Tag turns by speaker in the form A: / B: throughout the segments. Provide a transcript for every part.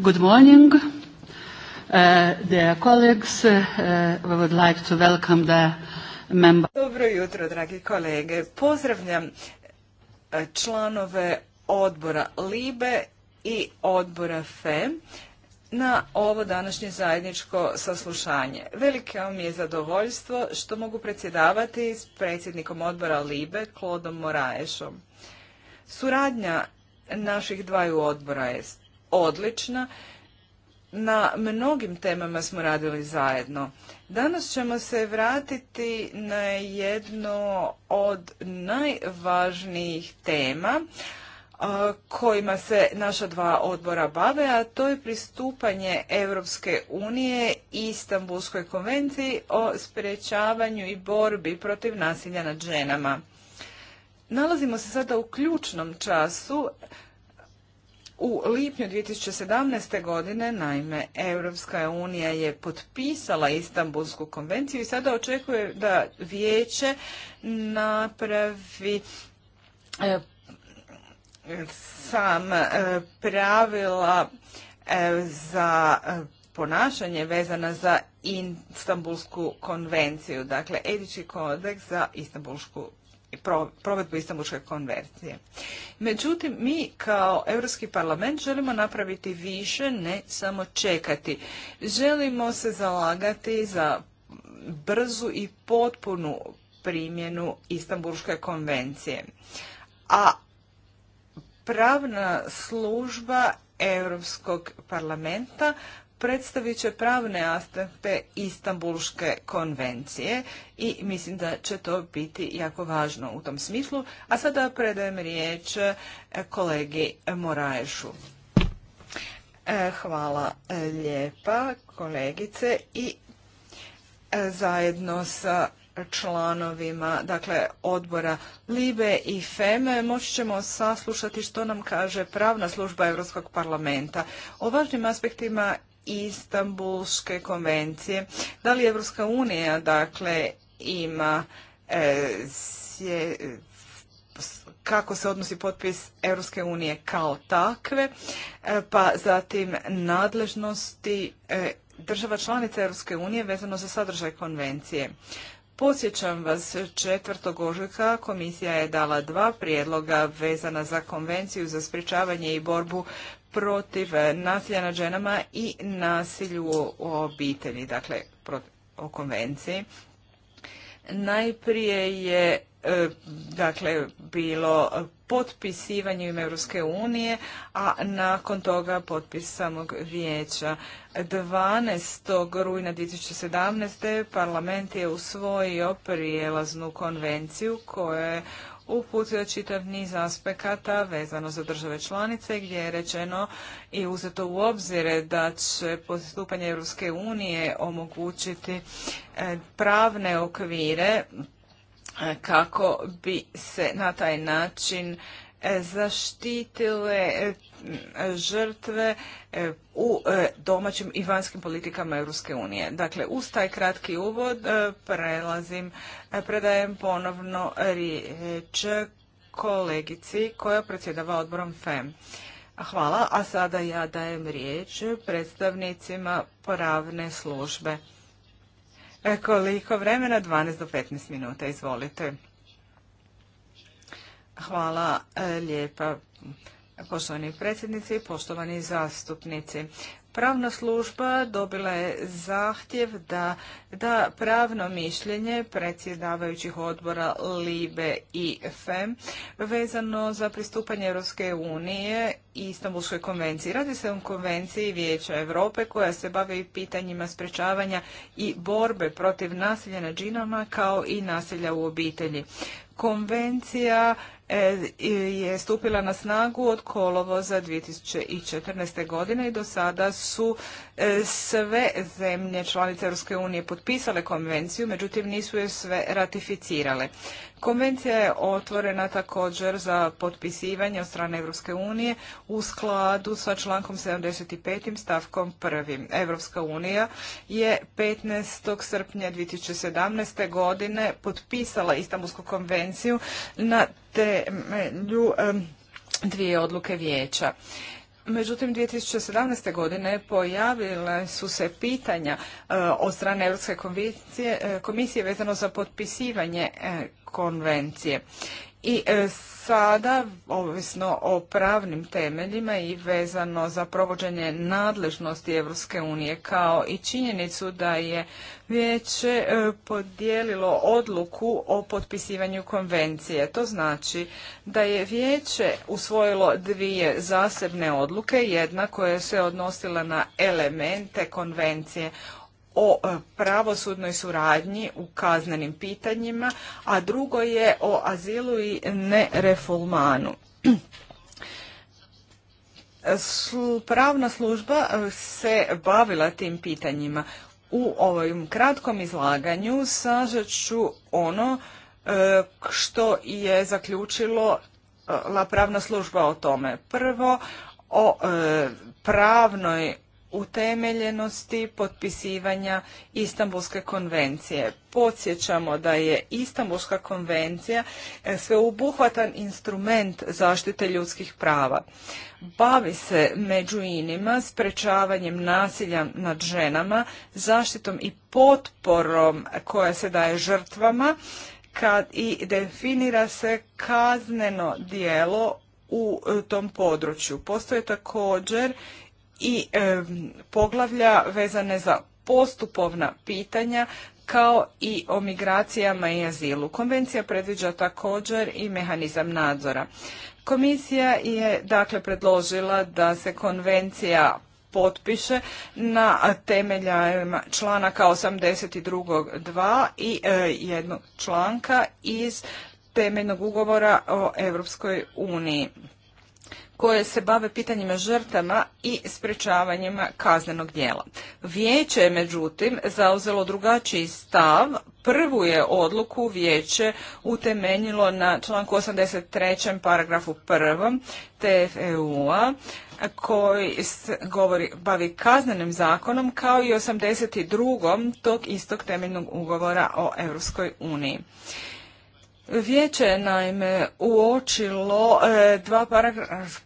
A: Good morning. Uh, colleagues, uh, would like to welcome the Dobro jutro, dragi kolege. Pozdravljam uh, članove odbora LIBE i odbora FE na ovo današnje zajedničko saslušanje. Veliko mi je zadovoljstvo što mogu predsjedavati s predsjednikom odbora LIBE, Klodom Moraešom. Suradnja naših dvaju odbora je odlična. Na mnogim temama smo radili zajedno. Danas ćemo se vratiti na jedno od najvažnijih tema kojima se naša dva odbora bave, a to je pristupanje Europske unije i Istanbulskoj konvenciji o sprečavanju i borbi protiv nasilja nad ženama. Nalazimo se sada u ključnom času u lipnju 2017. godine, naime, Europska unija je potpisala Istanbulsku konvenciju i sada očekuje da vijeće napravi e, sam e, pravila e, za ponašanje vezana za Istanbulsku konvenciju, dakle etički kodeks za Istanbulsku provedbu Istanbulske konvencije. Međutim, mi kao Europski parlament želimo napraviti više, ne samo čekati. Želimo se zalagati za brzu i potpunu primjenu Istanbulske konvencije. A pravna služba Europskog parlamenta predstavit će pravne aspekte Istanbulske konvencije i mislim da će to biti jako važno u tom smislu. A sada predajem riječ e, kolegi Moraješu. E, hvala e, lijepa kolegice i zajedno sa članovima dakle odbora Libe i FEME moći ćemo saslušati što nam kaže pravna služba Europskog parlamenta o važnim aspektima Istanbulske konvencije. Da li Evropska unija dakle ima e, kako se odnosi potpis Europske unije kao takve, e, pa zatim nadležnosti e, država članica Europske unije vezano za sadržaj konvencije. Posjećam vas, 4. ožujka komisija je dala dva prijedloga vezana za konvenciju za sprječavanje i borbu protiv nasilja nad ženama i nasilju u obitelji, dakle o konvenciji. Najprije je e, dakle bilo potpisivanje ime Europske unije, a nakon toga potpis samog vijeća. 12. rujna 2017. parlament je usvojio prijelaznu konvenciju koja je uputio čitav niz aspekata vezano za države članice gdje je rečeno i uzeto u obzir da će postupanje Europske unije omogućiti e, pravne okvire e, kako bi se na taj način E, zaštitile e, žrtve e, u domaćim i vanjskim politikama Europske unije. Dakle, uz taj kratki uvod prelazim, predajem ponovno riječ kolegici koja predsjedava odborom FEM. Hvala, a sada ja dajem riječ predstavnicima pravne službe. Koliko vremena? 12 do 15 minuta, izvolite. Hvala e, lijepa poštovani predsjednici i poštovani zastupnici. Pravna služba dobila je zahtjev da da pravno mišljenje predsjedavajućih odbora LIBE i FEM vezano za pristupanje Europske unije i Istanbulskoj konvenciji. Radi se o konvenciji Vijeća Europe koja se bavi pitanjima sprečavanja i borbe protiv nasilja nad ženama kao i nasilja u obitelji. Konvencija E, je stupila na snagu od kolovoza 2014. godine i do sada su e, sve zemlje članice Europske unije potpisale konvenciju, međutim nisu je sve ratificirale. Konvencija je otvorena također za potpisivanje od strane Europske unije u skladu sa člankom 75. stavkom 1. Europska unija je 15. srpnja 2017. godine potpisala Istanbulsku konvenciju na temelju dvije odluke vijeća. Međutim, 2017. godine pojavile su se pitanja e, od strane Europske e, komisije, vezano za potpisivanje e, konvencije. I e, sada, ovisno o pravnim temeljima i vezano za provođenje nadležnosti Europske unije kao i činjenicu da je vijeće e, podijelilo odluku o potpisivanju konvencije. To znači da je vijeće usvojilo dvije zasebne odluke, jedna koja se odnosila na elemente konvencije o e, pravosudnoj suradnji u kaznenim pitanjima, a drugo je o azilu i nereformanu. Pravna služba e, se bavila tim pitanjima. U ovom kratkom izlaganju sažet ću ono e, što je zaključilo la pravna služba o tome. Prvo, o pravnoj utemeljenosti potpisivanja Istanbulske konvencije. Podsjećamo da je Istanbulska konvencija e, sveobuhvatan instrument zaštite ljudskih prava. Bavi se među inima sprečavanjem nasilja nad ženama, zaštitom i potporom koja se daje žrtvama kad i definira se kazneno dijelo u e, tom području. Postoje također i poglavlja vezane za postupovna pitanja kao i o migracijama i azilu. Konvencija predviđa također i mehanizam nadzora. Komisija je dakle predložila da se konvencija potpiše na temeljama članaka 82.2 i e, jednog članka iz temeljnog ugovora o Europskoj uniji koje se bave pitanjima žrtama i sprečavanjima kaznenog djela. Vijeće je međutim zauzelo drugačiji stav. Prvu je odluku vijeće utemeljilo na članku 83. paragrafu 1. TFEU-a koji govori, bavi kaznenim zakonom kao i 82. tog istog temeljnog ugovora o Europskoj uniji. Vijeće je naime uočilo e, dva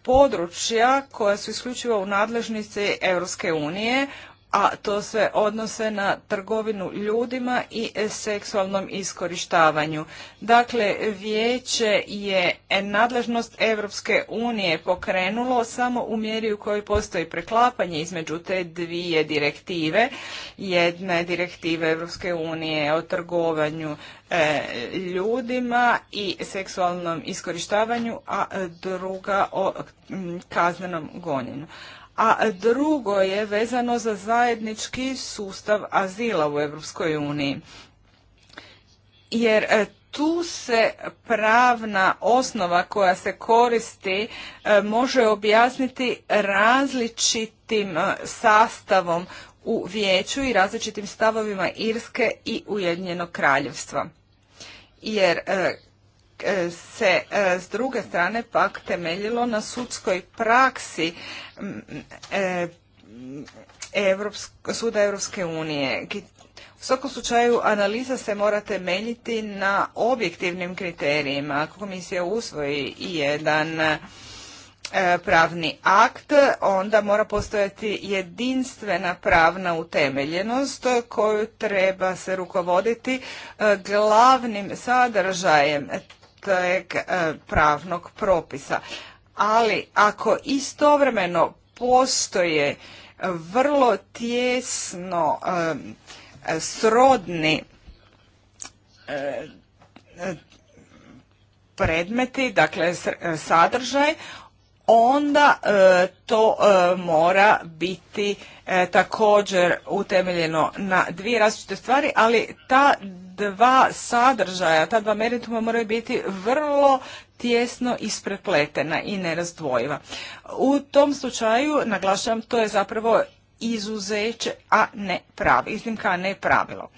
A: područja koja su isključivo u nadležnici Europske unije, a to se odnose na trgovinu ljudima i seksualnom iskorištavanju. Dakle, vijeće je nadležnost Europske unije pokrenulo samo u mjeri u kojoj postoji preklapanje između te dvije direktive. Jedna je direktiva Europske unije o trgovanju e, ljudima i seksualnom iskorištavanju, a druga o kaznenom gonjenju a drugo je vezano za zajednički sustav azila u Europskoj uniji. Jer e, tu se pravna osnova koja se koristi e, može objasniti različitim e, sastavom u vijeću i različitim stavovima Irske i Ujedinjenog kraljevstva. Jer E, se e, s druge strane pak temeljilo na sudskoj praksi e, suda Europske unije. U svakom slučaju analiza se mora temeljiti na objektivnim kriterijima. Ako komisija usvoji i jedan pravni akt, onda mora postojati jedinstvena pravna utemeljenost koju treba se rukovoditi glavnim sadržajem E, pravnog propisa. Ali ako istovremeno postoje vrlo tjesno e, srodni e, predmeti, dakle sadržaj, onda e, to e, mora biti e, također utemeljeno na dvije različite stvari, ali ta dva sadržaja, ta dva merituma moraju biti vrlo tjesno isprepletena i nerazdvojiva. U tom slučaju, naglašavam, to je zapravo izuzeće, a ne pravi, iznimka, a ne pravilo.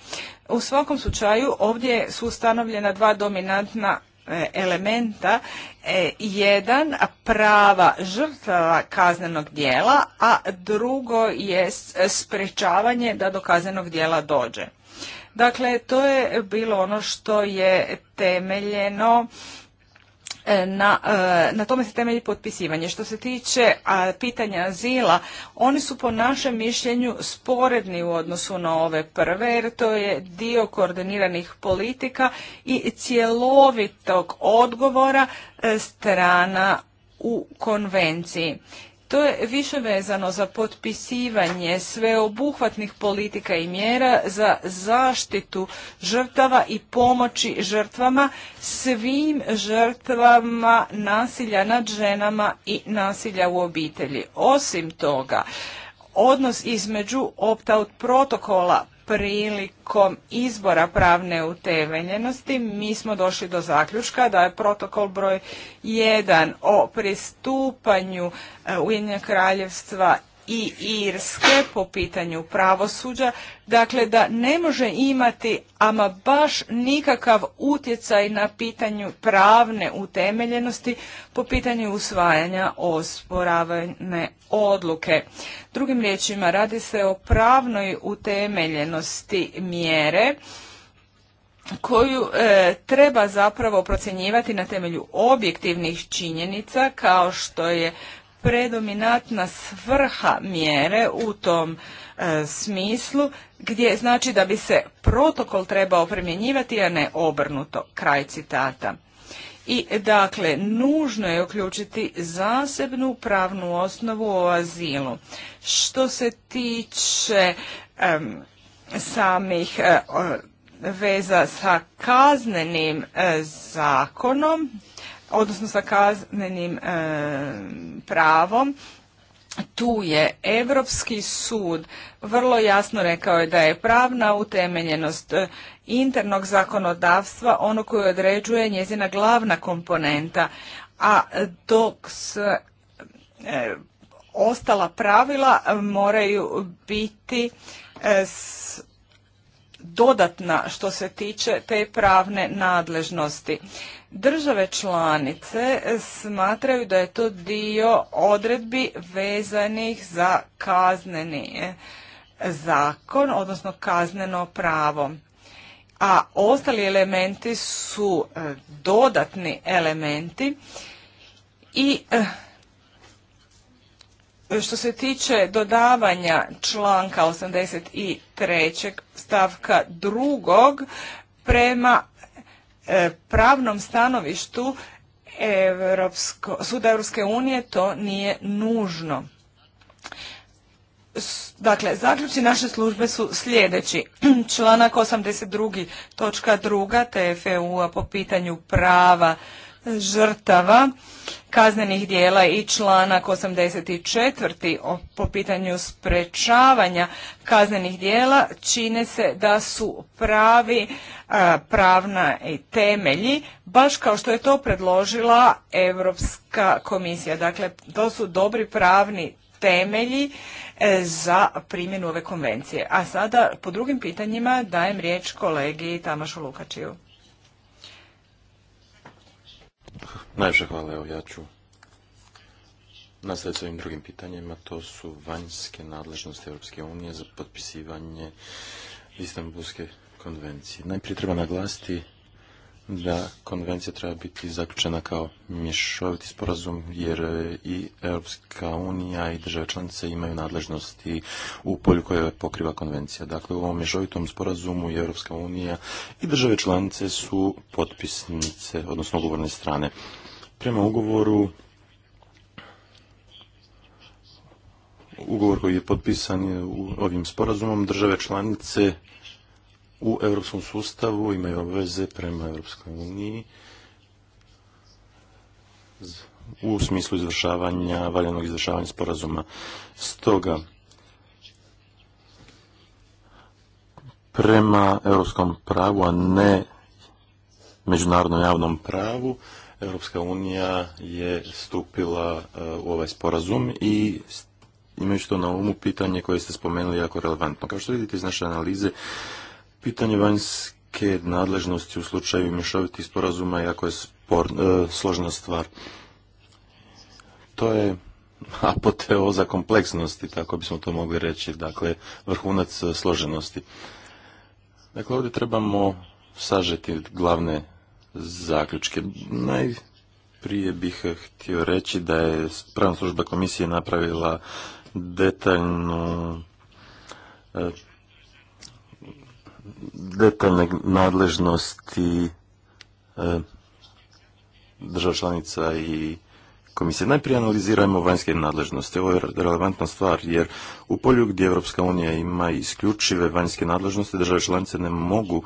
A: U svakom slučaju ovdje su ustanovljena dva dominantna E, elementa e, jedan prava žrtava kaznenog dijela, a drugo je sprečavanje da do kaznenog dijela dođe. Dakle, to je bilo ono što je temeljeno E, na, e, na tome se temelji potpisivanje. Što se tiče pitanja azila, oni su po našem mišljenju sporedni u odnosu na ove prve, jer to je dio koordiniranih politika i cjelovitog odgovora e, strana u konvenciji. To je više vezano za potpisivanje sveobuhvatnih politika i mjera za zaštitu žrtava i pomoći žrtvama, svim žrtvama nasilja nad ženama i nasilja u obitelji. Osim toga, odnos između opt-out protokola prilikom izbora pravne utemeljenosti mi smo došli do zaključka da je protokol broj 1 o pristupanju e, Ujedinjenog kraljevstva i Irske po pitanju pravosuđa, dakle da ne može imati ama baš nikakav utjecaj na pitanju pravne utemeljenosti po pitanju usvajanja osporavane odluke. Drugim riječima radi se o pravnoj utemeljenosti mjere koju e, treba zapravo procjenjivati na temelju objektivnih činjenica kao što je predominantna svrha mjere u tom e, smislu gdje znači da bi se protokol trebao primjenjivati, a ne obrnuto. Kraj citata. I dakle, nužno je uključiti zasebnu pravnu osnovu o azilu. Što se tiče samih e, veza sa kaznenim e, zakonom, odnosno sa kaznenim e, pravom tu je Europski sud vrlo jasno rekao je da je pravna utemeljenost e, internog zakonodavstva ono koje određuje njezina glavna komponenta, a dok se ostala pravila moraju biti e, dodatna što se tiče te pravne nadležnosti. Države članice smatraju da je to dio odredbi vezanih za kazneni e, zakon, odnosno kazneno pravo. A ostali elementi su e, dodatni elementi i e, što se tiče dodavanja članka 83. stavka drugog prema E, pravnom stanovištu Evropsko, Suda Europske unije to nije nužno. Dakle, zaključi naše službe su sljedeći. Članak 82. točka 2. TFEU-a po pitanju prava žrtava kaznenih dijela i članak 84. po pitanju sprečavanja kaznenih dijela čine se da su pravi pravna temelji, baš kao što je to predložila Europska komisija. Dakle, to su dobri pravni temelji e, za primjenu ove konvencije. A sada po drugim pitanjima dajem riječ kolegi Tamašu Lukačiju.
B: Najviše hvala, evo ja ću nastaviti s ovim drugim pitanjima. To su vanjske nadležnosti Europske unije za potpisivanje Istanbulske konvencije. Najprije treba naglasiti da konvencija treba biti zaključena kao mješoviti sporazum jer i Europska unija i države članice imaju nadležnosti u polju koje pokriva konvencija. Dakle, u ovom mješovitom sporazumu i Europska unija i države članice su potpisnice, odnosno ugovorne strane. Prema ugovoru ugovor koji je potpisan ovim sporazumom države članice u europskom sustavu imaju obveze prema Europskoj uniji u smislu izvršavanja, valjanog izvršavanja sporazuma. Stoga, prema europskom pravu, a ne međunarodnom javnom pravu, Europska unija je stupila e, u ovaj sporazum i imajući to na umu pitanje koje ste spomenuli jako relevantno. Kao što vidite iz naše analize, Pitanje vanjske nadležnosti u slučaju mješovitih sporazuma jako je spor, e, složna stvar. To je apoteoza kompleksnosti, tako bismo to mogli reći, dakle vrhunac e, složenosti. Dakle, ovdje trebamo sažeti glavne zaključke. Najprije bih htio reći da je pravna služba komisije napravila detaljnu e, detaljne nadležnosti e, država članica i komisije. Najprije analizirajmo vanjske nadležnosti. Ovo je relevantna stvar jer u polju gdje Europska unija ima isključive vanjske nadležnosti, države članice ne mogu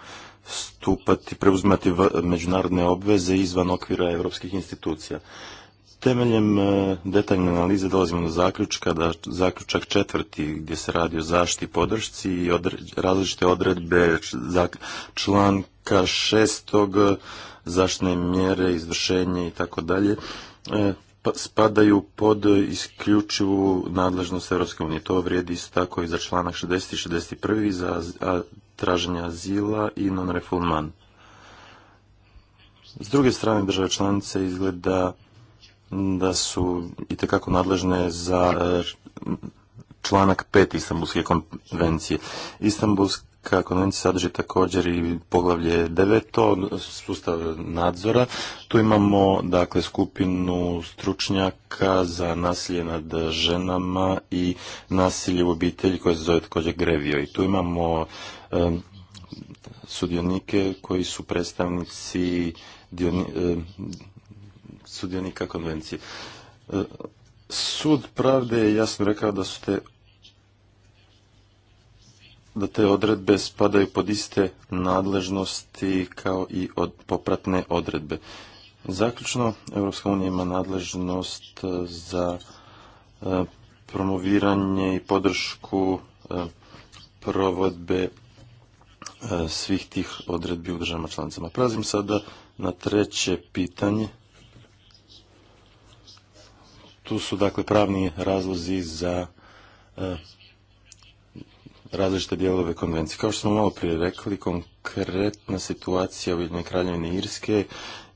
B: stupati, preuzimati međunarodne obveze izvan okvira europskih institucija. Temeljem e, detaljne analize dolazimo do zaključka da zaključak četvrti gdje se radi o zaštiti podršci i različite odredbe članka šestog e, zaštne mjere, izvršenje i tako dalje e, pa spadaju pod isključivu nadležnost EU. To vrijedi isto tako i za članak 60 i 61 za traženje azila i non-refulman. S druge strane države članice izgleda da su itekako nadležne za e, članak 5. Istanbulske konvencije. Istanbulska konvencija sadrži također i poglavlje 9. sustav nadzora. Tu imamo dakle skupinu stručnjaka za nasilje nad ženama i nasilje u obitelji koje se zove također grevio. I tu imamo e, sudionike koji su predstavnici e, sudionika konvencije. E, sud pravde je jasno rekao da su te da te odredbe spadaju pod iste nadležnosti kao i od popratne odredbe. Zaključno, Europska unija ima nadležnost e, za e, promoviranje i podršku provodbe svih tih odredbi u državama članicama. Prazim sada na treće pitanje tu su dakle pravni razlozi za e, različite dijelove konvencije. Kao što smo malo prije rekli, konkretna situacija u jednoj Kraljevini Irske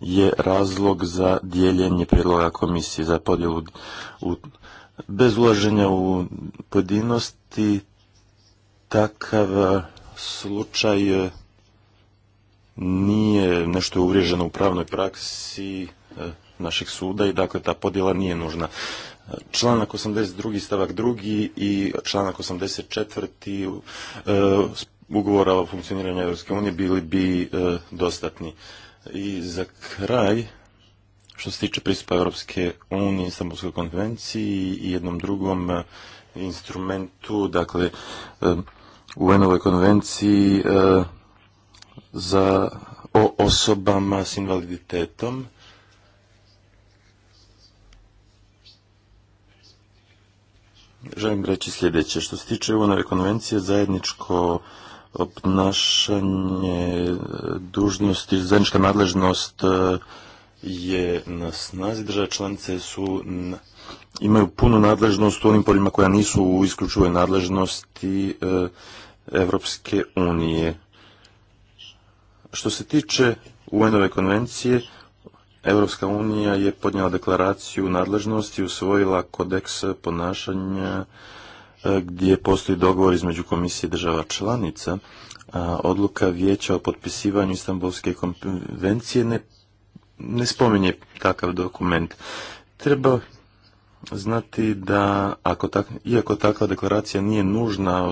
B: je razlog za dijeljenje prijedloga komisije za podjelu u, bez ulaženja u pojedinosti takav slučaj nije nešto uvriježeno u pravnoj praksi e, našeg suda i dakle ta podjela nije nužna. Članak 82. stavak 2. i članak 84. E, ugovora o funkcioniranju Europske unije bili bi e, dostatni. I za kraj, što se tiče pristupa Europske unije, Istanbulskoj konvenciji i jednom drugom e, instrumentu, dakle u ovoj konvenciji za o osobama s invaliditetom želim reći sljedeće. Što se tiče UNR konvencije, zajedničko obnašanje e, dužnosti, zajednička nadležnost e, je na snazi. Države članice su imaju punu nadležnost u onim poljima koja nisu u isključivoj nadležnosti e, Evropske unije. Što se tiče un konvencije, Europska unija je podnijela deklaraciju nadležnosti i usvojila kodeks ponašanja e, gdje postoji dogovor između komisije država članica. A odluka vijeća o potpisivanju Istanbulske konvencije ne, ne spominje takav dokument. Treba znati da iako takva deklaracija nije nužna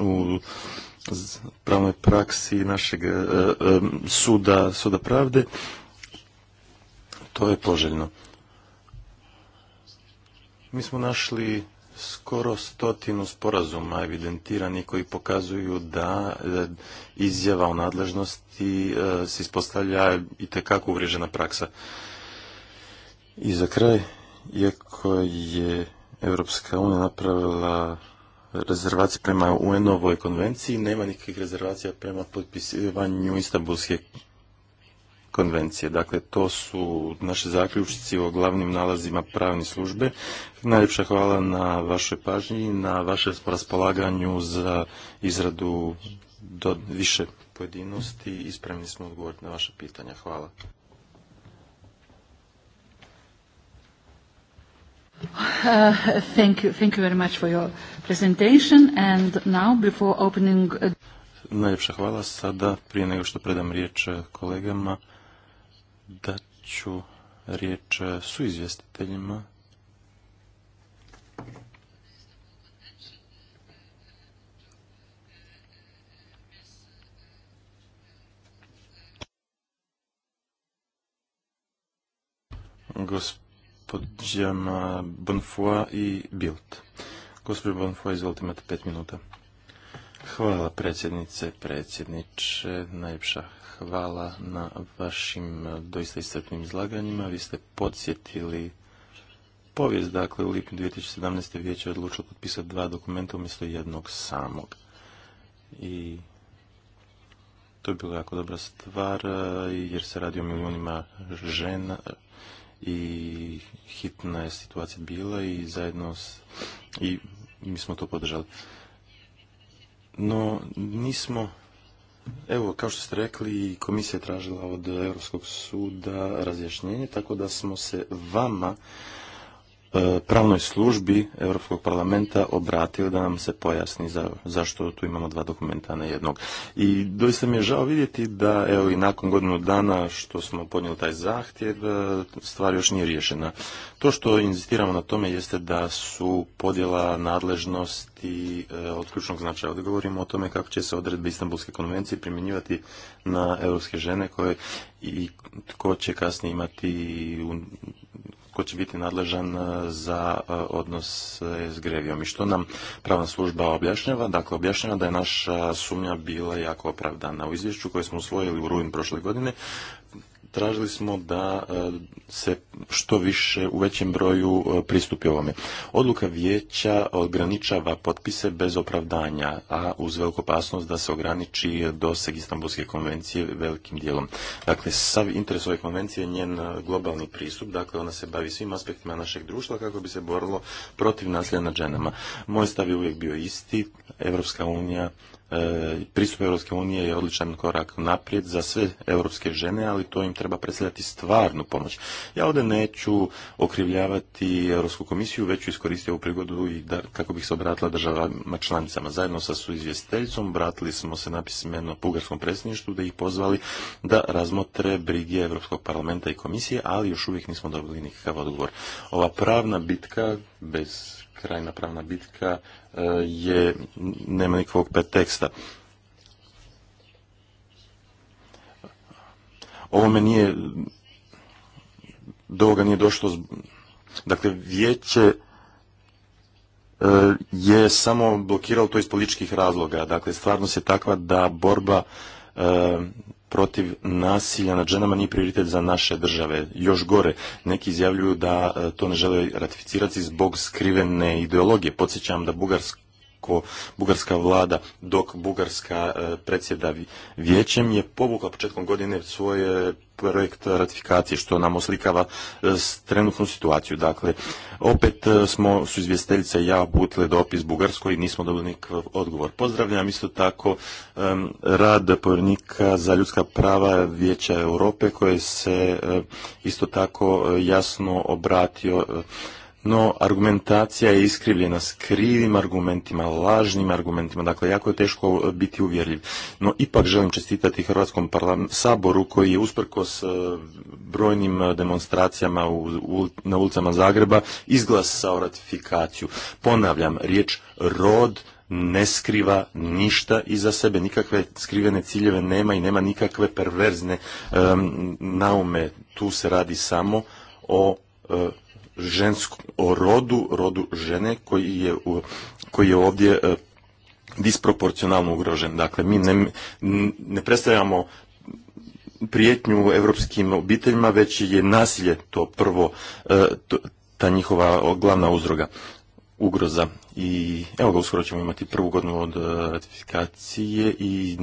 B: u, pravnoj praksi našeg e, e, suda, suda pravde, to je poželjno. Mi smo našli skoro stotinu sporazuma evidentirani koji pokazuju da e, izjava o nadležnosti e, se ispostavlja i tekako uvriježena praksa. I za kraj, iako je Europska unija napravila rezervacije prema UN-ovoj konvenciji, nema nikakvih rezervacija prema potpisivanju Istanbulske konvencije. Dakle, to su naše zaključici o glavnim nalazima pravne službe. Najljepša hvala na vašoj pažnji, na vašem raspolaganju za izradu do više pojedinosti i spremni smo odgovoriti na vaše pitanja. Hvala.
A: Uh, thank you, thank you
B: Najljepša hvala. Sada, prije nego što predam riječ uh, kolegama, da ću riječ e, su izvjestiteljima. Gospodjama Bonfoy i Bild. Gospodin Bonfoy, izvolite, imate pet minuta. Hvala predsjednice, predsjedniče, najljepša hvala na vašim eh, doista iscrpnim izlaganjima. Vi ste podsjetili povijest, dakle u lipnju 2017. vijeće je odlučilo potpisati dva dokumenta umjesto jednog samog. I to je bila jako dobra stvar eh, jer se radi o milijunima žena eh, i hitna je situacija bila i zajedno s, i mi smo to podržali. No nismo Evo, kao što ste rekli, komisija je tražila od Europskog suda razjašnjenje, tako da smo se vama E, pravnoj službi Europskog parlamenta obratio da nam se pojasni zašto tu imamo dva dokumenta, a ne jednog. I doista mi je žao vidjeti da, evo i nakon godinu dana što smo podnijeli taj zahtjev, e, stvar još nije riješena. To što inzistiramo na tome jeste da su podjela nadležnosti e, od ključnog značaja. Ovdje govorimo o tome kako će se odredbe Istanbulske konvencije primjenjivati na europske žene koje i tko će kasnije imati će biti nadležan e, za e, odnos e, s Grevijom. I što nam pravna služba objašnjava? Dakle, objašnjava da je naša sumnja bila jako opravdana. U izvješću koje smo usvojili u rujnu prošle godine tražili smo da e, se što više u većem broju e, pristupi ovome. Odluka vijeća ograničava potpise bez opravdanja, a uz veliku opasnost da se ograniči doseg Istanbulske konvencije velikim dijelom. Dakle, sav interes ove konvencije je njen e, globalni pristup, dakle ona se bavi svim aspektima našeg društva kako bi se borilo protiv nasilja nad ženama. Moj stav je uvijek bio isti, Evropska unija E, pristup Europske unije je odličan korak naprijed za sve europske žene, ali to im treba predstavljati stvarnu pomoć. Ja ovdje neću okrivljavati Europsku komisiju, već ću iskoristiti ovu prigodu i da, kako bih se obratila državama članicama. Zajedno sa suizvjestiteljicom obratili smo se napismeno Pugarskom predsjedništvu da ih pozvali da razmotre brige Europskog parlamenta i komisije, ali još uvijek nismo dobili nikakav odgovor. Ova pravna bitka bez krajna pravna bitka e, je, nema nikakvog preteksta. Ovome nije, do ovoga nije došlo, dakle vijeće e, je samo blokiralo to iz političkih razloga. Dakle, stvarnost je takva da borba protiv nasilja nad ženama nije prioritet za naše države. Još gore, neki izjavljuju da e, to ne žele ratificirati zbog skrivene ideologije. Podsjećam da Bugarsk, ako bugarska vlada, dok bugarska e, predsjeda vijećem, je povukla početkom godine svoj e, projekt ratifikacije, što nam oslikava e, trenutnu situaciju. Dakle, opet smo su izvjestiteljice ja butle dopis Bugarskoj i nismo dobili nikakav odgovor. Pozdravljam isto tako rad povjernika za ljudska prava Vijeća Europe koje se isto tako jasno obratio no argumentacija je iskrivljena s krivim argumentima, lažnim argumentima, dakle jako je teško e, biti uvjerljiv. No ipak želim čestitati Hrvatskom saboru koji je usprkos e, brojnim e, demonstracijama u, na ulicama Zagreba izglasao ratifikaciju. Ponavljam, riječ rod ne skriva ništa iza sebe, nikakve skrivene ciljeve nema i nema nikakve perverzne naume. Tu se radi samo o ženskom, o rodu, rodu žene koji je, u, koji je ovdje e, disproporcionalno ugrožen. Dakle, mi ne, ne predstavljamo prijetnju europskim obiteljima, već je nasilje to prvo, e, ta njihova glavna uzroga, ugroza. I evo ga, uskoro ćemo imati prvu godinu od e, ratifikacije i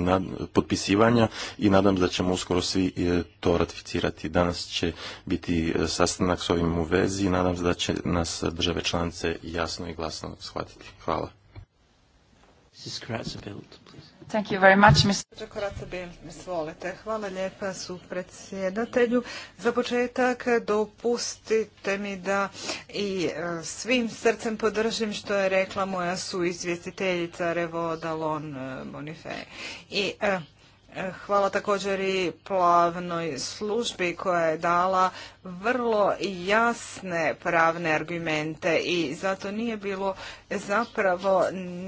B: potpisivanja i nadam da ćemo uskoro svi e, to ratificirati. Danas će biti e, sastanak s ovim u vezi i nadam se da će nas države članice jasno i glasno shvatiti. Hvala.
A: Thank you very much, Hvala lijepa su predsjedatelju. Za početak dopustite mi da i e, svim srcem podržim što je rekla moja su izvjestiteljica Dalon e, Bonife. I e, hvala također i plavnoj službi koja je dala vrlo jasne pravne argumente i zato nije bilo zapravo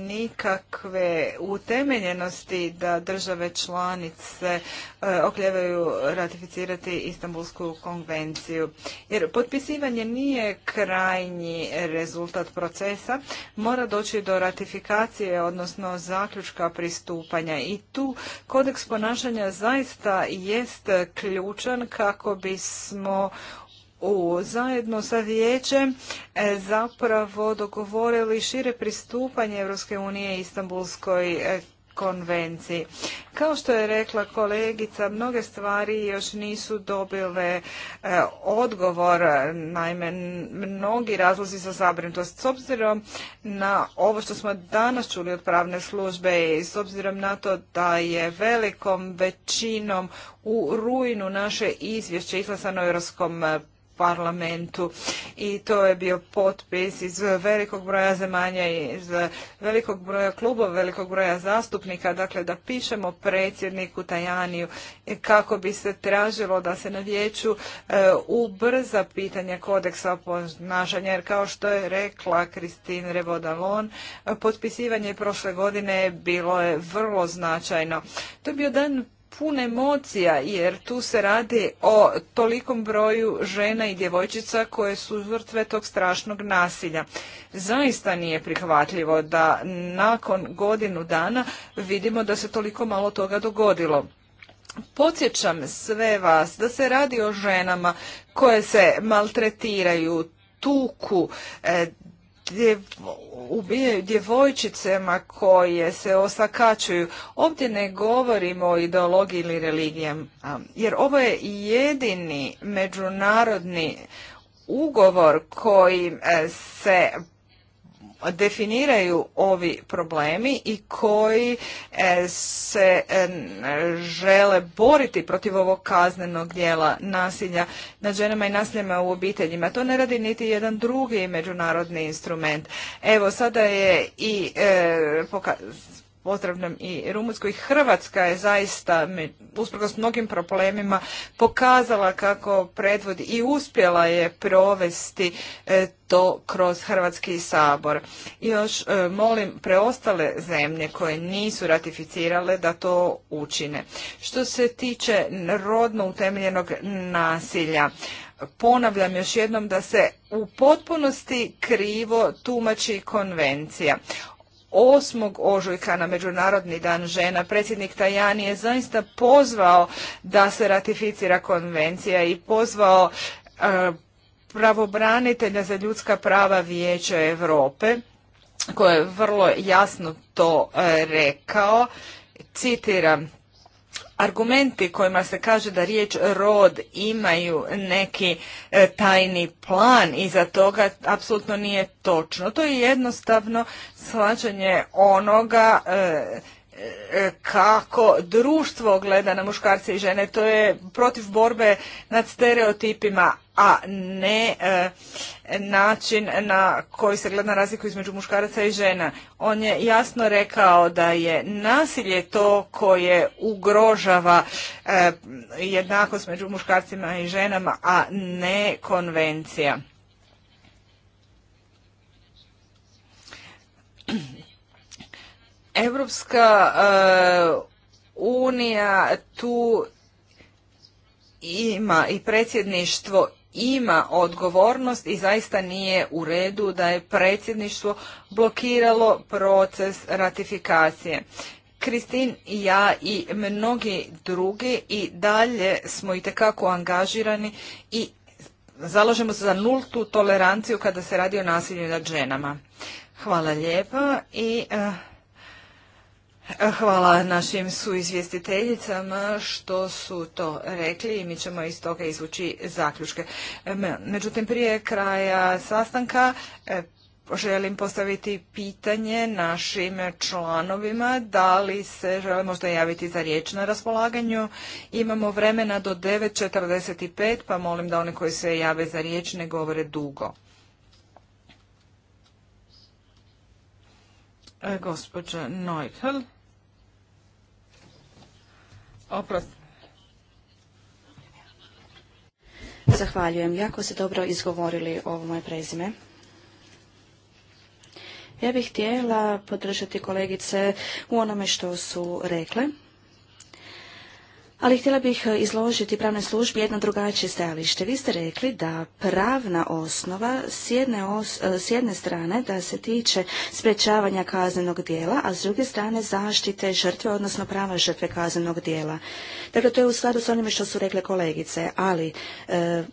A: nikakve utemeljenosti da države članice e, okljevaju ratificirati Istanbulsku konvenciju. Jer potpisivanje nije krajnji rezultat procesa, mora doći do ratifikacije, odnosno zaključka pristupanja i tu kodeks ponašanja zaista jest ključan kako bismo u zajedno sa vijećem e, zapravo dogovorili šire pristupanje Europske unije Istanbulskoj e, konvenciji. Kao što je rekla kolegica, mnoge stvari još nisu dobile e, odgovor, naime mnogi razlozi za zabrinutost. S obzirom na ovo što smo danas čuli od pravne službe i s obzirom na to da je velikom većinom u rujnu naše izvješće izlasano u Europskom parlamentu i to je bio potpis iz velikog broja zemalja, iz velikog broja klubova, velikog broja zastupnika, dakle da pišemo predsjedniku Tajaniju kako bi se tražilo da se na vijeću eh, ubrza pitanje kodeksa ponašanja, jer kao što je rekla Kristin Revodalon, potpisivanje prošle godine bilo je vrlo značajno. To je bio dan pun emocija jer tu se radi o tolikom broju žena i djevojčica koje su žrtve tog strašnog nasilja. Zaista nije prihvatljivo da nakon godinu dana vidimo da se toliko malo toga dogodilo. Podsjećam sve vas da se radi o ženama koje se maltretiraju, tuku, e, ubijaju djevojčicama koje se osakačuju. Ovdje ne govorimo o ideologiji ili religijama, jer ovo je jedini međunarodni ugovor koji e, se definiraju ovi problemi i koji e, se e, žele boriti protiv ovog kaznenog dijela nasilja nad ženama i nasiljama u obiteljima. To ne radi niti jedan drugi međunarodni instrument. Evo, sada je i e, pozdravljam i Rumunjsku i Hrvatska je zaista, usprkos mnogim problemima, pokazala kako predvodi i uspjela je provesti e, to kroz Hrvatski sabor. I još e, molim preostale zemlje koje nisu ratificirale da to učine. Što se tiče rodno utemeljenog nasilja, ponavljam još jednom da se u potpunosti krivo tumači konvencija. 8. ožujka na Međunarodni dan žena predsjednik Tajani je zaista pozvao da se ratificira konvencija i pozvao e, pravobranitelja za ljudska prava Vijeća Europe koji je vrlo jasno to e, rekao. Citiram, argumenti kojima se kaže da riječ rod imaju neki e, tajni plan iza toga apsolutno nije točno. To je jednostavno slađenje onoga e, E, kako društvo gleda na muškarce i žene. To je protiv borbe nad stereotipima, a ne e, način na koji se gleda na razliku između muškaraca i žena. On je jasno rekao da je nasilje to koje ugrožava e, jednakost među muškarcima i ženama, a ne konvencija. Evropska eh, unija tu ima i predsjedništvo ima odgovornost i zaista nije u redu da je predsjedništvo blokiralo proces ratifikacije. Kristin i ja i mnogi drugi i dalje smo i tekako angažirani i zalažemo se za nultu toleranciju kada se radi o nasilju nad ženama. Hvala lijepa i eh, Hvala našim suizvjestiteljicama što su to rekli i mi ćemo iz toga izvući zaključke. Međutim, prije kraja sastanka e, želim postaviti pitanje našim članovima da li se žele možda javiti za riječ na raspolaganju. Imamo vremena do 9.45 pa molim da oni koji se jave za riječ ne govore dugo. E, Gospodin Neutel. Oprost.
C: Zahvaljujem. Jako ste dobro izgovorili ovo moje prezime. Ja bih htjela podržati kolegice u onome što su rekle. Ali htjela bih e, izložiti pravnoj službi jedno drugačije stajalište. Vi ste rekli da pravna osnova s jedne, e, strane da se tiče sprečavanja kaznenog dijela, a s druge strane zaštite žrtve, odnosno prava žrtve kaznenog dijela. Dakle, to je u skladu s onime što su rekle kolegice, ali e,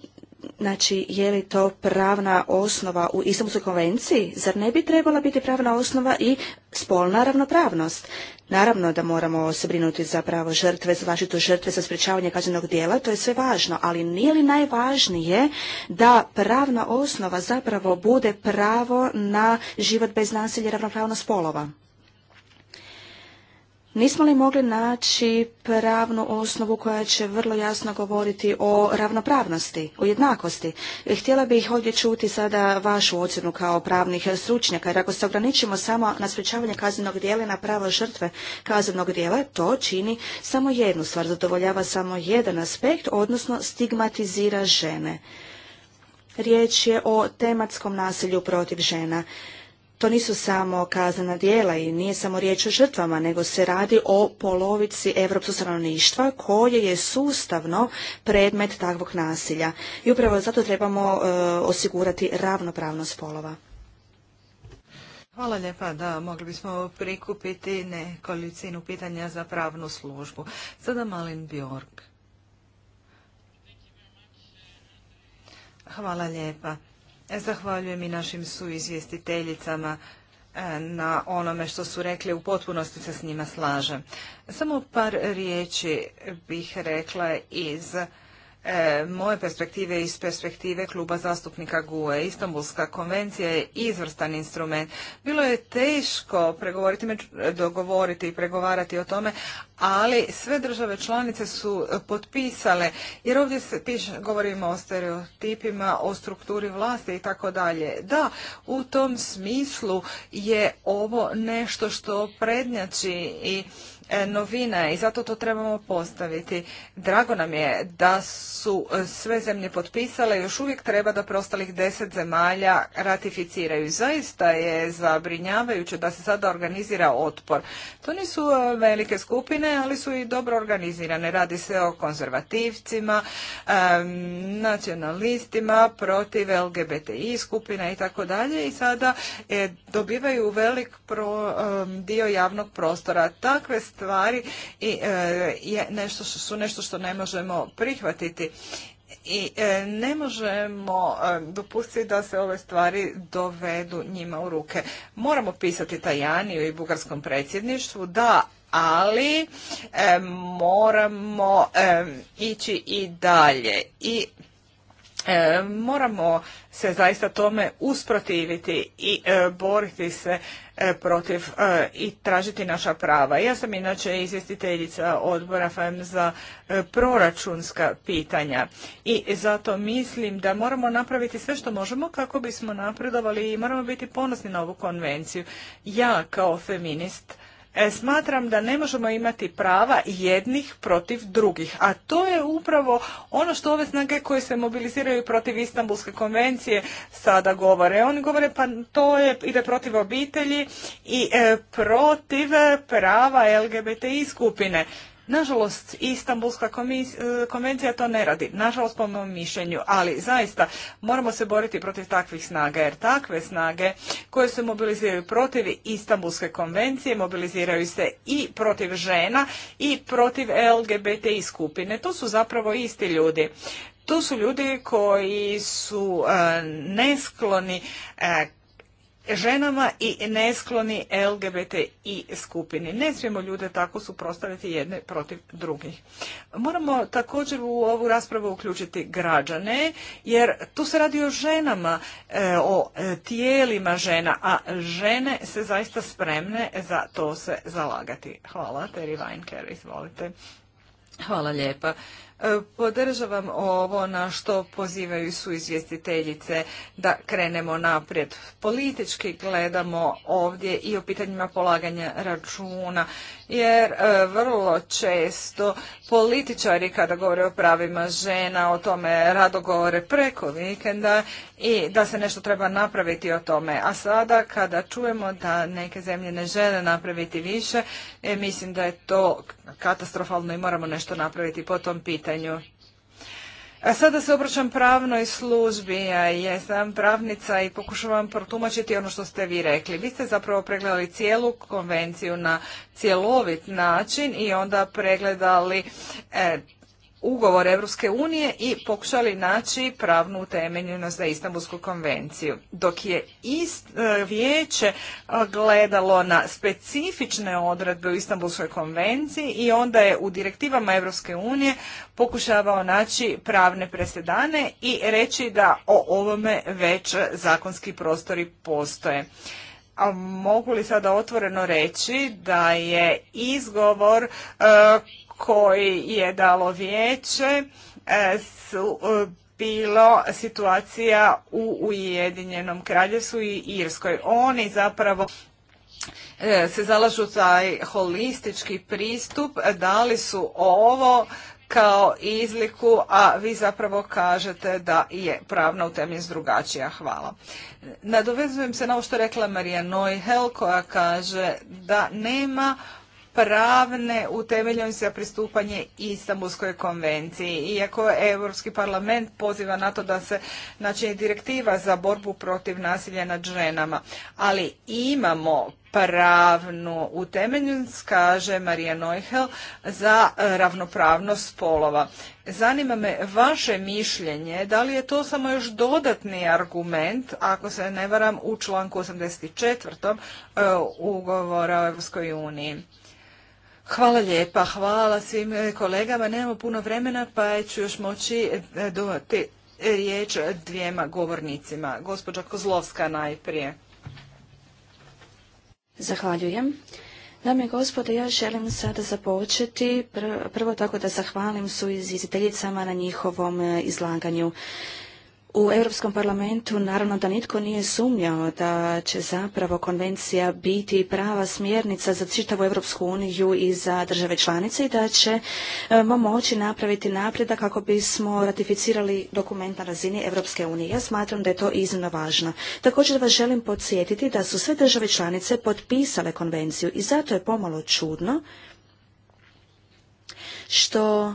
C: znači je li to pravna osnova u Istanbulskoj konvenciji? Zar ne bi trebala biti pravna osnova i spolna ravnopravnost? Naravno da moramo se brinuti za pravo žrtve, za zaštitu žrtve, za sprječavanje kaznenog dijela, to je sve važno, ali nije li najvažnije da pravna osnova zapravo bude pravo na život bez nasilja i ravnopravnost spolova? Nismo li mogli naći pravnu osnovu koja će vrlo jasno govoriti o ravnopravnosti, o jednakosti? Htjela bih ovdje čuti sada vašu ocjenu kao pravnih stručnjaka, jer ako se ograničimo samo na sprečavanje kaznenog dijela i na pravo žrtve kaznenog dijela, to čini samo jednu stvar, zadovoljava samo jedan aspekt, odnosno stigmatizira žene. Riječ je o tematskom nasilju protiv žena to nisu samo kaznena dijela i nije samo riječ o žrtvama, nego se radi o polovici evropskog stanovništva koje je sustavno predmet takvog nasilja. I upravo zato trebamo e, osigurati ravnopravnost spolova.
A: Hvala lijepa, da, mogli bismo prikupiti nekolicinu pitanja za pravnu službu. Sada Malin Bjork. Hvala lijepa. Zahvaljujem i našim suizvjestiteljicama e, na onome što su rekli, u potpunosti se s njima slažem. Samo par riječi bih rekla iz E, moje perspektive iz perspektive kluba zastupnika GUE. Istanbulska konvencija je izvrstan instrument. Bilo je teško pregovoriti, dogovoriti i pregovarati o tome, ali sve države članice su potpisale, jer ovdje se govorimo o stereotipima, o strukturi vlasti i tako dalje. Da, u tom smislu je ovo nešto što prednjači i E, novina je i zato to trebamo postaviti. Drago nam je da su e, sve zemlje potpisale, još uvijek treba da preostalih deset zemalja ratificiraju. Zaista je zabrinjavajuće da se sada organizira otpor. To nisu e, velike skupine, ali su i dobro organizirane. Radi se o konzervativcima, nacionalistima, protiv LGBTI skupina i tako dalje i sada dobivaju velik dio javnog prostora. Takve stvari i e, je nešto, su nešto što ne možemo prihvatiti. I e, ne možemo e, dopustiti da se ove stvari dovedu njima u ruke. Moramo pisati Tajaniju i bugarskom predsjedništvu da ali moramo ići i dalje i E, moramo se zaista tome usprotiviti i e, boriti se e, protiv i tražiti naša prava. Ja sam inače izvjestiteljica odbora FM za proračunska pitanja i zato mislim da moramo napraviti sve što možemo kako bismo napredovali i moramo biti ponosni na ovu konvenciju. Ja kao feminist E, smatram da ne možemo imati prava jednih protiv drugih. A to je upravo ono što ove snage koje se mobiliziraju protiv Istanbulske konvencije sada govore. Oni govore pa to je, ide protiv obitelji i e, protiv prava LGBTI skupine. Nažalost, Istanbulska e, konvencija to ne radi, nažalost po mom mišljenju, ali zaista moramo se boriti protiv takvih snaga, jer takve snage koje se mobiliziraju protiv Istanbulske konvencije, mobiliziraju se i protiv žena i protiv LGBTI skupine. To su zapravo isti ljudi. To su ljudi koji su e, neskloni e, ženama i neskloni lgbt i skupini. Ne smijemo ljude tako suprostaviti jedne protiv drugih. Moramo također u ovu raspravu uključiti građane, jer tu se radi o ženama, e, o e, tijelima žena, a žene se zaista spremne za to se zalagati. Hvala, Terry Weinker, izvolite. Hvala lijepa. E, podržavam ovo na što pozivaju su izvjestiteljice da krenemo naprijed. Politički gledamo ovdje i o pitanjima polaganja računa, jer e, vrlo često političari kada govore o pravima žena, o tome rado govore preko vikenda i da se nešto treba napraviti o tome. A sada kada čujemo da neke zemlje ne žele napraviti više, e, mislim da je to katastrofalno i moramo nešto napraviti po tom pitanju pitanju. A sada se obraćam pravnoj službi, ja sam pravnica i pokušavam protumačiti ono što ste vi rekli. Vi ste zapravo pregledali cijelu konvenciju na cjelovit način i onda pregledali e, ugovor Europske unije i pokušali naći pravnu utemeljenost za Istanbulsku konvenciju. Dok je ist, e, vijeće gledalo na specifične odredbe u Istanbulskoj konvenciji i onda je u direktivama Europske unije pokušavao naći pravne presedane i reći da o ovome već zakonski prostori postoje. A mogu li sada otvoreno reći da je izgovor e, koji je dalo vijeće e, su e, bilo situacija u Ujedinjenom kraljevstvu i Irskoj. Oni zapravo e, se zalažu taj holistički pristup, dali su ovo kao izliku, a vi zapravo kažete da je pravna utemljenost drugačija. Hvala. Nadovezujem se na ovo što rekla Marija Neuhel koja kaže da nema pravne utemeljenosti za pristupanje Istanbulskoj konvenciji. Iako Europski parlament poziva na to da se znači direktiva za borbu protiv nasilja nad ženama, ali imamo pravnu utemeljenost, kaže Marija Neuhel, za e, ravnopravnost spolova. Zanima me vaše mišljenje, da li je to samo još dodatni argument, ako se ne varam, u članku 84. E, ugovora o Europskoj uniji. Hvala lijepa, hvala svim e, kolegama. Nemamo puno vremena pa ću još moći e, dodati riječ dvijema govornicima. Gospođa Kozlovska najprije.
C: Zahvaljujem. Dame i gospode, ja želim sada započeti prvo tako da zahvalim su izvjestiteljicama na njihovom e, izlaganju. U Europskom parlamentu naravno da nitko nije sumnjao da će zapravo konvencija biti prava smjernica za čitavu Europsku uniju i za države članice i da će e, moći napraviti napredak kako bismo ratificirali dokument na razini Europske unije. Ja smatram da je to iznimno važno. Također vas želim podsjetiti da su sve države članice potpisale konvenciju i zato je pomalo čudno što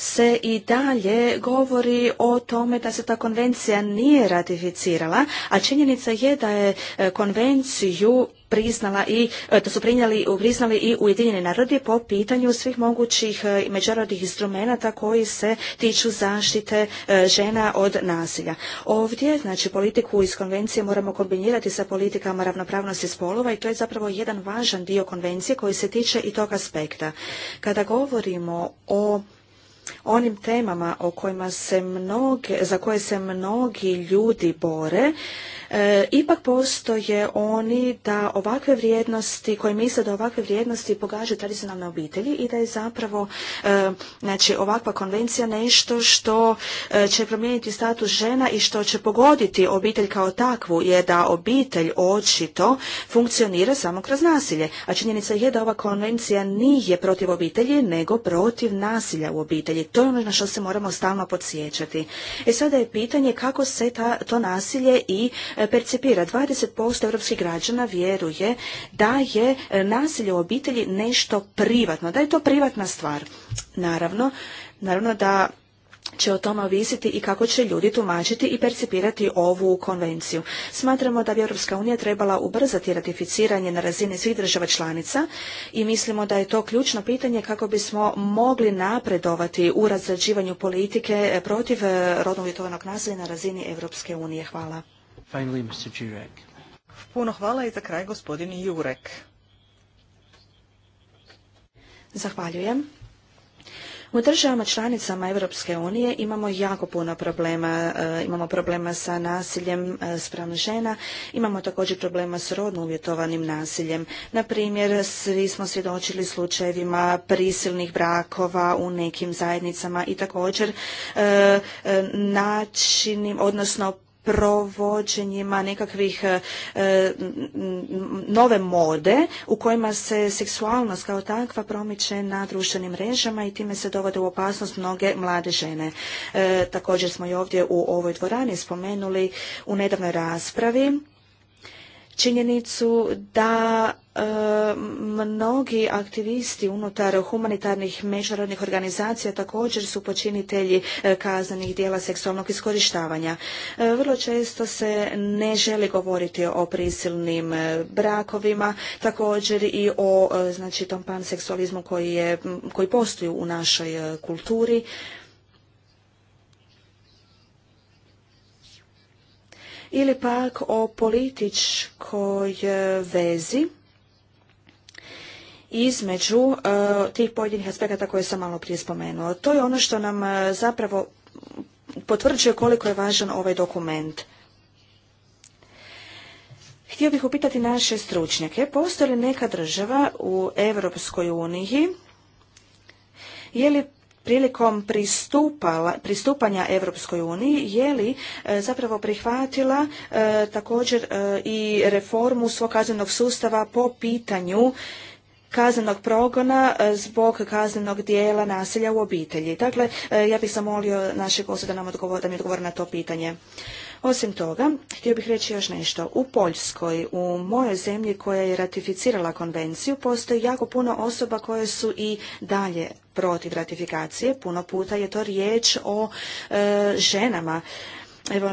C: se i dalje govori o tome da se ta konvencija nije ratificirala, a činjenica je da je e, konvenciju priznala i, to e, su prinjali, priznali i Ujedinjeni narodi po pitanju svih mogućih e, međunarodnih instrumenata koji se tiču zaštite žena od nasilja. Ovdje, znači, politiku iz konvencije moramo kombinirati sa politikama ravnopravnosti spolova i to je zapravo jedan važan dio konvencije koji se tiče i tog aspekta. Kada govorimo o onim temama o kojima se mnoge, za koje se mnogi ljudi bore, e, ipak postoje oni da ovakve vrijednosti, koji misle da ovakve vrijednosti pogađaju tradicionalne obitelji i da je zapravo e, znači, ovakva konvencija nešto što e, će promijeniti status žena i što će pogoditi obitelj kao takvu, je da obitelj očito funkcionira samo kroz nasilje. A činjenica je da ova konvencija nije protiv obitelji, nego protiv nasilja u obitelji to je ono na što se moramo stalno podsjećati. E sada je pitanje kako se ta, to nasilje i e, percipira. 20% europskih građana vjeruje da je e, nasilje u obitelji nešto privatno, da je to privatna stvar. Naravno, naravno da će o tome ovisiti i kako će ljudi tumačiti i percipirati ovu konvenciju. Smatramo da bi Europska unija trebala ubrzati ratificiranje na razini svih država članica i mislimo da je to ključno pitanje kako bismo mogli napredovati u razrađivanju politike e, protiv e, rodno uvjetovanog nasilja na razini Europske unije. Hvala. Puno hvala i za kraj gospodin Jurek. Zahvaljujem. U državama članicama Europske unije imamo jako puno problema. E, imamo problema sa nasiljem e, žena, imamo također problema s rodno uvjetovanim nasiljem. Na primjer, svi smo svjedočili slučajevima prisilnih brakova u nekim zajednicama i također e, načinim, odnosno provođenjima nekakvih e, nove mode u kojima se seksualnost kao takva promiče na društvenim mrežama i time se dovode u opasnost mnoge mlade žene. E, također smo i ovdje u ovoj dvorani spomenuli u nedavnoj raspravi činjenicu da e, mnogi aktivisti unutar humanitarnih međunarodnih organizacija također su počinitelji e, kaznenih dijela seksualnog iskorištavanja. E, vrlo često se ne želi govoriti o prisilnim e, brakovima, također i o znači, tom panseksualizmu koji, je, koji postoji u našoj kulturi. ili pak o političkoj e, vezi između e, tih pojedinih aspekata koje sam malo prije To je ono što nam e, zapravo potvrđuje koliko je važan ovaj dokument. Htio bih upitati naše stručnjake, postoji li neka država u Europskoj uniji je li prilikom pristupanja Europskoj uniji je li e, zapravo prihvatila e, također e, i reformu svog kaznenog sustava po pitanju kaznenog progona zbog kaznenog dijela nasilja u obitelji. Dakle, ja bih samolio našeg osoba da, nam da mi odgovore na to pitanje. Osim toga, htio bih reći još nešto. U Poljskoj, u mojoj zemlji koja je ratificirala konvenciju, postoji jako puno osoba koje su i dalje protiv ratifikacije. Puno puta je to riječ o e, ženama. Evo,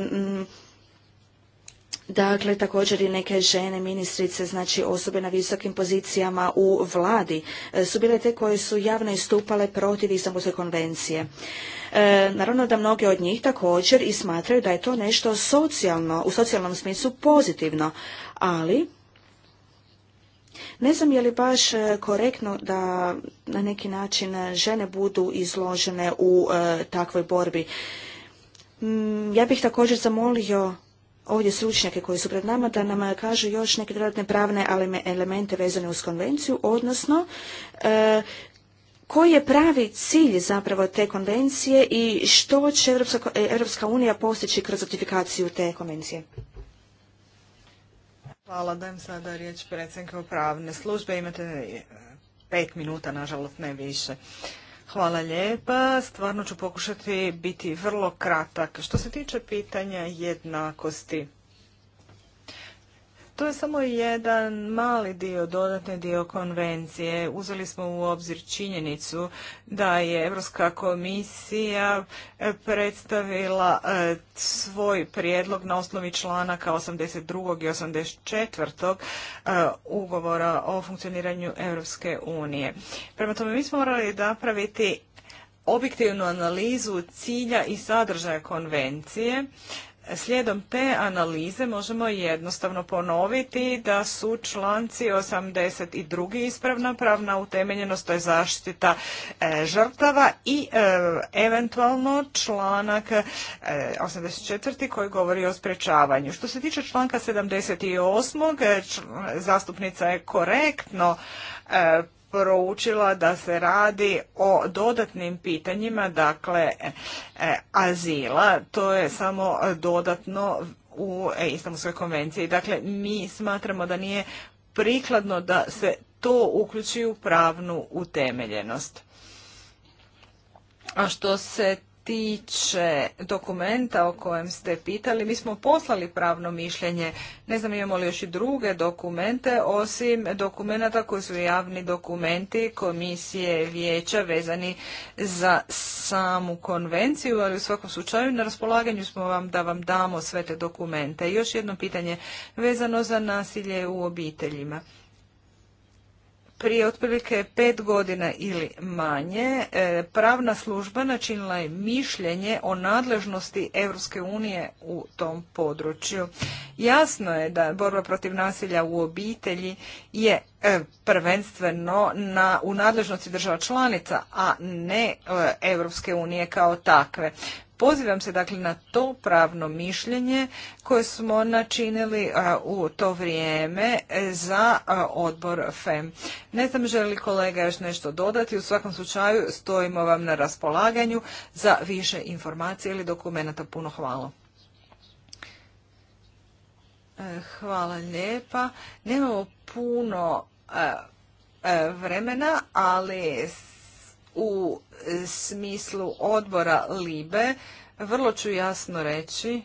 C: Dakle, također i neke žene, ministrice, znači osobe na visokim pozicijama u vladi e, su bile te koje su javno istupale protiv Istanbulske konvencije. E, naravno da mnoge od njih također i smatraju da je to nešto socijalno, u socijalnom smislu pozitivno, ali ne znam je li baš e, korektno da na neki način žene budu izložene u takvoj borbi. Mm, ja bih također zamolio ovdje stručnjake koji su pred nama da nam e, kažu još neke dodatne pravne elemente vezane uz konvenciju, odnosno e, koji je pravi cilj zapravo te konvencije i što će Europska, e, unija postići kroz ratifikaciju te konvencije?
A: Hvala, dajem sada riječ predsjednika pravne službe. Imate pet minuta, nažalost ne više. Hvala lijepa. Stvarno ću pokušati biti vrlo kratak. Što se tiče pitanja jednakosti, to je samo jedan mali dio, dodatni dio konvencije. Uzeli smo u obzir činjenicu da je Europska komisija e, predstavila e, svoj prijedlog na osnovi članaka 82. i 84. E, ugovora o funkcioniranju Europske unije. Prema tome mi smo morali napraviti objektivnu analizu cilja i sadržaja konvencije Slijedom te analize možemo jednostavno ponoviti da su članci 82. ispravna pravna utemeljenost, to je zaštita e, žrtava i e, eventualno članak 84. E, koji govori o sprečavanju. Što se tiče članka 78. zastupnica je korektno proučila da se radi o dodatnim pitanjima, dakle e, e, azila, to je samo dodatno u e, Istanbulskoj konvenciji. Dakle, mi smatramo da nije prikladno da se to uključi u pravnu utemeljenost. A što se tiče dokumenta o kojem ste pitali, mi smo poslali pravno mišljenje. Ne znam imamo li još i druge dokumente, osim dokumenta koji su javni dokumenti komisije vijeća vezani za samu konvenciju, ali u svakom slučaju na raspolaganju smo vam da vam damo sve te dokumente. Još jedno pitanje vezano za nasilje u obiteljima prije otprilike pet godina ili manje e, pravna služba načinila je mišljenje o nadležnosti Europske unije u tom području. Jasno je da borba protiv nasilja u obitelji je e, prvenstveno na, u nadležnosti država članica, a ne Europske unije kao takve. Pozivam se dakle na to pravno mišljenje koje smo načinili u to vrijeme za odbor FEM. Ne znam želi kolega još nešto dodati, u svakom slučaju stojimo vam na raspolaganju za više informacije ili dokumenta. Puno hvala. E, hvala lijepa. Nemamo puno e, e, vremena, ali u e, smislu odbora LIBE, vrlo ću jasno reći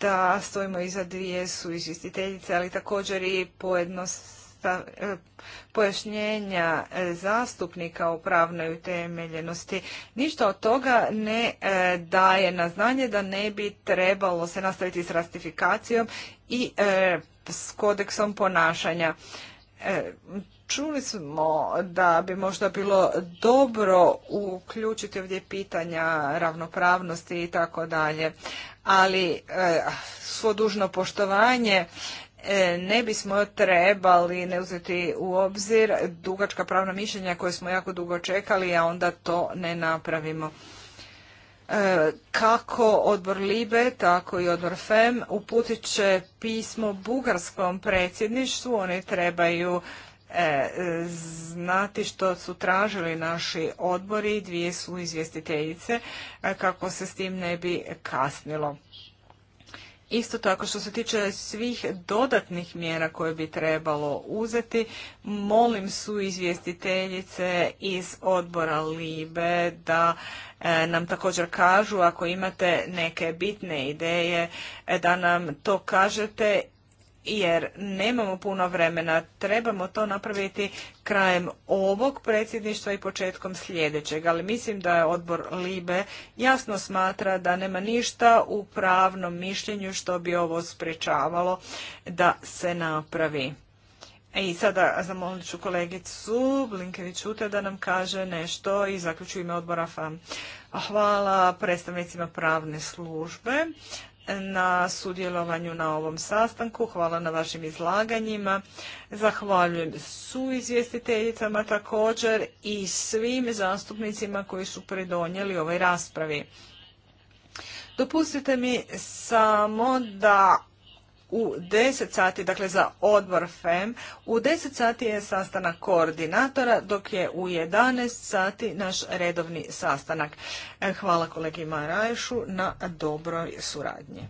A: da stojimo iza dvije su izvjestiteljice, ali također i e, pojašnjenja e, zastupnika o pravnoj utemeljenosti. Ništa od toga ne daje na znanje da ne bi trebalo se nastaviti s ratifikacijom i s kodeksom ponašanja. E, čuli smo da bi možda bilo dobro uključiti ovdje pitanja ravnopravnosti i tako dalje, ali e, svo dužno poštovanje e, ne bismo trebali ne uzeti u obzir dugačka pravna mišljenja koje smo jako dugo čekali, a onda to ne napravimo. E, kako odbor Libe, tako i odbor FEM uputit će pismo bugarskom predsjedništvu. Oni trebaju e, znati što su tražili naši odbori, dvije su izvjestiteljice, e, kako se s tim ne bi kasnilo. Isto tako što se tiče svih dodatnih mjera koje bi trebalo uzeti, molim su izvjestiteljice iz odbora Libe da e, nam također kažu ako imate neke bitne ideje e, da nam to kažete jer nemamo puno vremena. Trebamo to napraviti krajem ovog predsjedništva i početkom sljedećeg, ali mislim da je odbor Libe jasno smatra da nema ništa u pravnom mišljenju što bi ovo sprečavalo da se napravi. E, I sada zamolit ću kolegicu Blinkević Ute da nam kaže nešto i zaključu ime odbora FAM. Hvala predstavnicima pravne službe na sudjelovanju na ovom sastanku. Hvala na vašim izlaganjima. Zahvaljujem su izvjestiteljicama također i svim zastupnicima koji su pridonijeli ovoj raspravi. Dopustite mi samo da u 10 sati, dakle za odbor FEM, u 10 sati je sastanak koordinatora, dok je u 11 sati naš redovni sastanak. E, hvala kolegi Marajšu na dobroj suradnji.